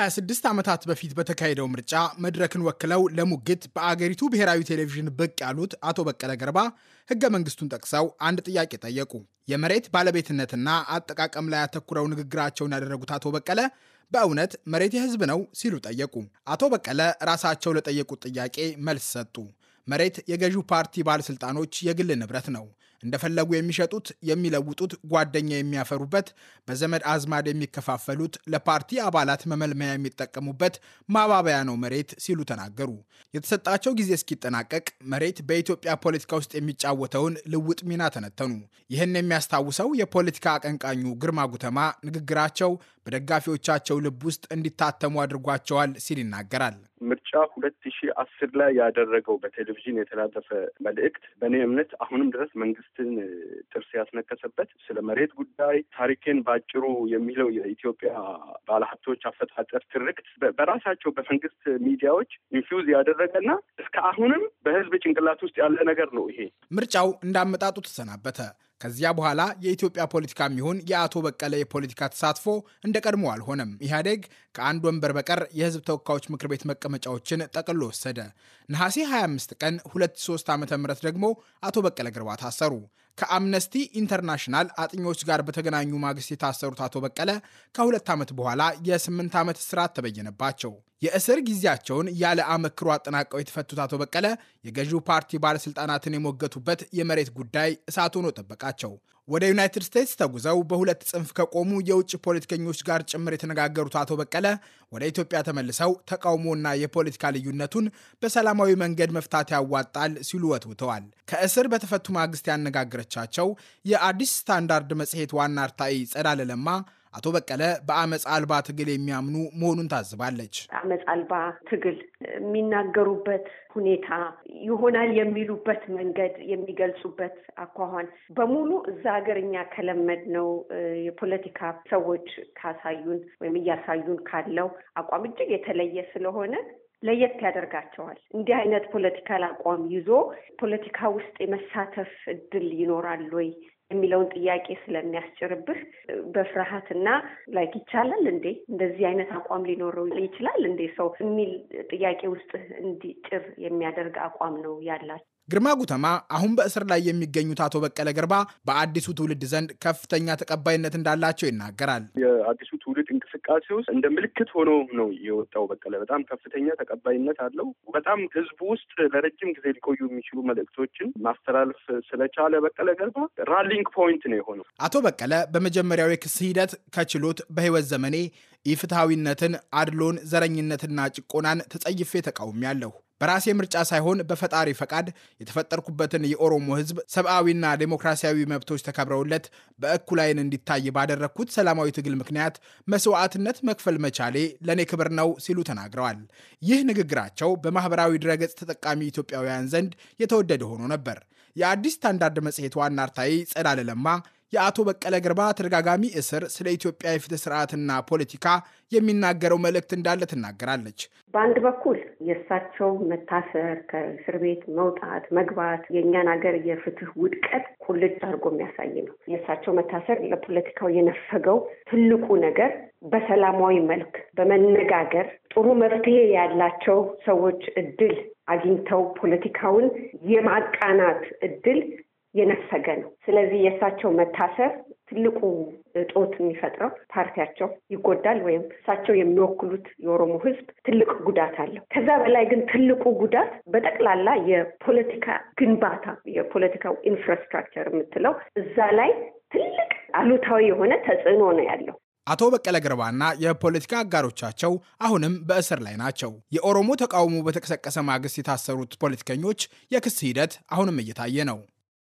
ከስድስት ዓመታት በፊት በተካሄደው ምርጫ መድረክን ወክለው ለሙግት በአገሪቱ ብሔራዊ ቴሌቪዥን ብቅ ያሉት አቶ በቀለ ገርባ ህገ መንግስቱን ጠቅሰው አንድ ጥያቄ ጠየቁ። የመሬት ባለቤትነትና አጠቃቀም ላይ ያተኩረው ንግግራቸውን ያደረጉት አቶ በቀለ በእውነት መሬት የሕዝብ ነው ሲሉ ጠየቁ። አቶ በቀለ ራሳቸው ለጠየቁት ጥያቄ መልስ ሰጡ። መሬት የገዢው ፓርቲ ባለሥልጣኖች የግል ንብረት ነው እንደፈለጉ የሚሸጡት፣ የሚለውጡት፣ ጓደኛ የሚያፈሩበት፣ በዘመድ አዝማድ የሚከፋፈሉት፣ ለፓርቲ አባላት መመልመያ የሚጠቀሙበት ማባበያ ነው መሬት ሲሉ ተናገሩ። የተሰጣቸው ጊዜ እስኪጠናቀቅ መሬት በኢትዮጵያ ፖለቲካ ውስጥ የሚጫወተውን ልውጥ ሚና ተነተኑ። ይህን የሚያስታውሰው የፖለቲካ አቀንቃኙ ግርማ ጉተማ ንግግራቸው በደጋፊዎቻቸው ልብ ውስጥ እንዲታተሙ አድርጓቸዋል ሲል ይናገራል። ምርጫ ሁለት ሺ አስር ላይ ያደረገው በቴሌቪዥን የተላለፈ መልእክት በእኔ እምነት አሁንም ድረስ መንግስትን ጥርስ ያስነከሰበት ስለ መሬት ጉዳይ ታሪኬን ባጭሩ የሚለው የኢትዮጵያ ባለሀብቶች አፈጣጠር ትርክት በራሳቸው በመንግስት ሚዲያዎች ኢንፊውዝ ያደረገና እስከ አሁንም በህዝብ ጭንቅላት ውስጥ ያለ ነገር ነው። ይሄ ምርጫው እንዳመጣጡ ተሰናበተ። ከዚያ በኋላ የኢትዮጵያ ፖለቲካም ይሁን የአቶ በቀለ የፖለቲካ ተሳትፎ እንደ ቀድሞ አልሆነም። ኢህአዴግ ከአንድ ወንበር በቀር የህዝብ ተወካዮች ምክር ቤት መቀመጫዎችን ጠቅሎ ወሰደ። ነሐሴ 25 ቀን 2003 ዓ ም ደግሞ አቶ በቀለ ግርባ ታሰሩ። ከአምነስቲ ኢንተርናሽናል አጥኚዎች ጋር በተገናኙ ማግስት የታሰሩት አቶ በቀለ ከሁለት ዓመት በኋላ የስምንት ዓመት እስራት ተበየነባቸው። የእስር ጊዜያቸውን ያለ አመክሮ አጠናቀው የተፈቱት አቶ በቀለ የገዢው ፓርቲ ባለሥልጣናትን የሞገቱበት የመሬት ጉዳይ እሳት ሆኖ ጠበቃቸው። ወደ ዩናይትድ ስቴትስ ተጉዘው በሁለት ጽንፍ ከቆሙ የውጭ ፖለቲከኞች ጋር ጭምር የተነጋገሩት አቶ በቀለ ወደ ኢትዮጵያ ተመልሰው ተቃውሞና የፖለቲካ ልዩነቱን በሰላማዊ መንገድ መፍታት ያዋጣል ሲሉ ወትውተዋል። ከእስር በተፈቱ ማግስት ያነጋገረቻቸው የአዲስ ስታንዳርድ መጽሔት ዋና አርታኢ ጸዳለ ለማ አቶ በቀለ በአመፅ አልባ ትግል የሚያምኑ መሆኑን ታዝባለች። አመፅ አልባ ትግል የሚናገሩበት ሁኔታ ይሆናል የሚሉበት መንገድ፣ የሚገልጹበት አኳኋን በሙሉ እዛ ሀገር እኛ ከለመድ ነው የፖለቲካ ሰዎች ካሳዩን ወይም እያሳዩን ካለው አቋም እጅግ የተለየ ስለሆነ ለየት ያደርጋቸዋል። እንዲህ አይነት ፖለቲካል አቋም ይዞ ፖለቲካ ውስጥ የመሳተፍ እድል ይኖራል ወይ የሚለውን ጥያቄ ስለሚያስጭርብህ በፍርሃትና ላይክ ይቻላል እንዴ እንደዚህ አይነት አቋም ሊኖረው ይችላል እንዴ ሰው የሚል ጥያቄ ውስጥ እንዲጭር የሚያደርግ አቋም ነው ያላቸው። ግርማ ጉተማ አሁን በእስር ላይ የሚገኙት አቶ በቀለ ግርባ በአዲሱ ትውልድ ዘንድ ከፍተኛ ተቀባይነት እንዳላቸው ይናገራል። የአዲሱ ትውልድ እንቅስቃሴ ውስጥ እንደ ምልክት ሆኖ ነው የወጣው። በቀለ በጣም ከፍተኛ ተቀባይነት አለው። በጣም ህዝቡ ውስጥ ለረጅም ጊዜ ሊቆዩ የሚችሉ መልእክቶችን ማስተላለፍ ስለቻለ በቀለ ገርባ ራሊንግ ፖይንት ነው የሆነው። አቶ በቀለ በመጀመሪያው የክስ ሂደት ከችሎት በህይወት ዘመኔ ኢፍትሐዊነትን፣ አድሎን፣ ዘረኝነትና ጭቆናን ተጸይፌ ተቃውሜያለሁ በራሴ ምርጫ ሳይሆን በፈጣሪ ፈቃድ የተፈጠርኩበትን የኦሮሞ ሕዝብ ሰብአዊና ዴሞክራሲያዊ መብቶች ተከብረውለት በእኩል ዓይን እንዲታይ ባደረግኩት ሰላማዊ ትግል ምክንያት መስዋዕትነት መክፈል መቻሌ ለእኔ ክብር ነው ሲሉ ተናግረዋል። ይህ ንግግራቸው በማህበራዊ ድረገጽ ተጠቃሚ ኢትዮጵያውያን ዘንድ የተወደደ ሆኖ ነበር። የአዲስ ስታንዳርድ መጽሔት ዋና አርታይ ጸዳለ ለማ የአቶ በቀለ ገርባ ተደጋጋሚ እስር ስለ ኢትዮጵያ የፍትህ ስርዓትና ፖለቲካ የሚናገረው መልእክት እንዳለ ትናገራለች። በአንድ በኩል የእሳቸው መታሰር፣ ከእስር ቤት መውጣት መግባት የእኛን ሀገር የፍትህ ውድቀት ሁልጭ አድርጎ የሚያሳይ ነው። የእሳቸው መታሰር ለፖለቲካው የነፈገው ትልቁ ነገር በሰላማዊ መልክ በመነጋገር ጥሩ መፍትሄ ያላቸው ሰዎች እድል አግኝተው ፖለቲካውን የማቃናት እድል የነፈገ ነው። ስለዚህ የእሳቸው መታሰር ትልቁ እጦት የሚፈጥረው ፓርቲያቸው ይጎዳል፣ ወይም እሳቸው የሚወክሉት የኦሮሞ ሕዝብ ትልቅ ጉዳት አለው። ከዛ በላይ ግን ትልቁ ጉዳት በጠቅላላ የፖለቲካ ግንባታ የፖለቲካው ኢንፍራስትራክቸር የምትለው እዛ ላይ ትልቅ አሉታዊ የሆነ ተጽዕኖ ነው ያለው። አቶ በቀለ ገርባና የፖለቲካ አጋሮቻቸው አሁንም በእስር ላይ ናቸው። የኦሮሞ ተቃውሞ በተቀሰቀሰ ማግስት የታሰሩት ፖለቲከኞች የክስ ሂደት አሁንም እየታየ ነው።